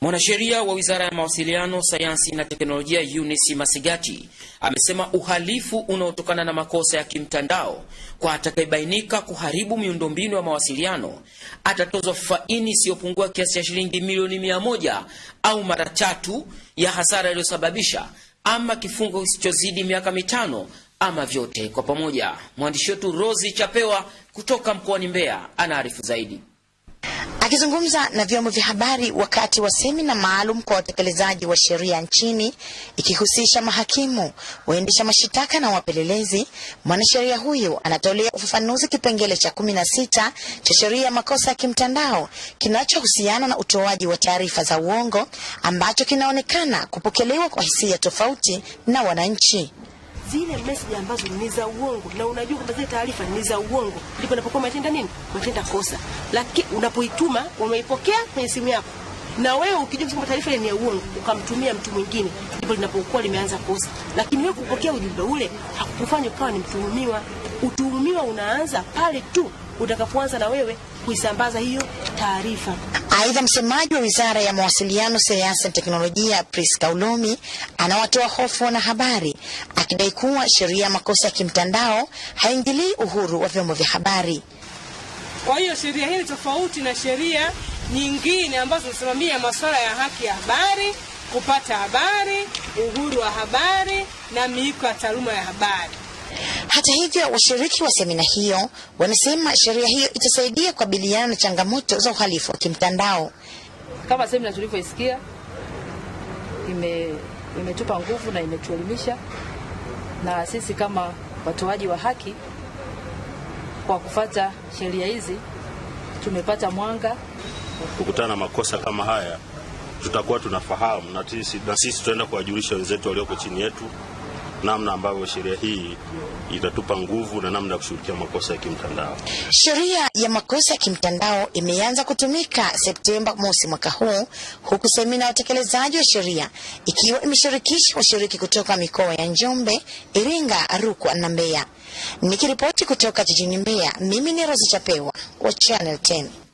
Mwanasheria wa Wizara ya Mawasiliano, Sayansi na Teknolojia Eunice Masigati amesema uhalifu unaotokana na makosa ya kimtandao kwa atakayebainika kuharibu miundombinu ya mawasiliano atatozwa faini isiyopungua kiasi cha shilingi milioni mia moja au mara tatu ya hasara iliyosababisha ama kifungo kisichozidi miaka mitano ama vyote kwa pamoja. Mwandishi wetu Rosi Chapewa kutoka mkoani Mbeya anaarifu zaidi. Akizungumza na vyombo vya habari wakati wa semina maalum kwa watekelezaji wa sheria nchini ikihusisha mahakimu, waendesha mashitaka na wapelelezi, mwanasheria huyu anatolea ufafanuzi kipengele cha kumi na sita cha sheria ya makosa ya kimtandao kinachohusiana na utoaji wa taarifa za uongo ambacho kinaonekana kupokelewa kwa hisia tofauti na wananchi zile message ambazo ni za uongo na unajua kwamba zile taarifa ni za uongo, ndipo unapokuwa umetenda nini? Umetenda kosa. Lakini unapoituma umeipokea kwenye simu yako, na wewe ukijua kwamba taarifa ile ni ya uongo ukamtumia mtu mwingine, ndipo linapokuwa limeanza kosa. Lakini wewe kupokea ujumbe ule hakukufanya ukawa ni mtuhumiwa. Utuhumiwa unaanza pale tu utakapoanza na wewe kuisambaza hiyo taarifa. Aidha, msemaji wa Wizara ya Mawasiliano, Sayansi na Teknolojia, Priska Ulomi, anawatoa hofu wanahabari akidai kuwa sheria ya makosa ya kimtandao haingilii uhuru wa vyombo vya habari. Kwa hiyo sheria hii ni tofauti na sheria nyingine ambazo zinasimamia masuala ya haki ya habari, kupata habari, uhuru wa habari na miiko ya taaluma ya habari. Hata hivyo, washiriki wa semina hiyo wanasema sheria hiyo itasaidia kukabiliana na changamoto za uhalifu wa kimtandao. Kama semina tulivyoisikia ime imetupa nguvu na imetuelimisha, na sisi kama watoaji wa haki, kwa kufata sheria hizi tumepata mwanga. Kukutana na makosa kama haya tutakuwa tunafahamu na sisi, na sisi tutaenda kuwajulisha wenzetu walioko chini yetu namna ambavyo sheria hii itatupa nguvu na namna ya kushughulikia makosa ya kimtandao. Sheria ya makosa ya kimtandao imeanza kutumika Septemba mosi mwaka huu, huku semina ya utekelezaji wa sheria ikiwa imeshirikisha washiriki kutoka mikoa ya Njombe, Iringa, Rukwa na Mbeya. Nikiripoti kutoka jijini Mbeya, mimi ni Rosa Chapewa wa Channel 10.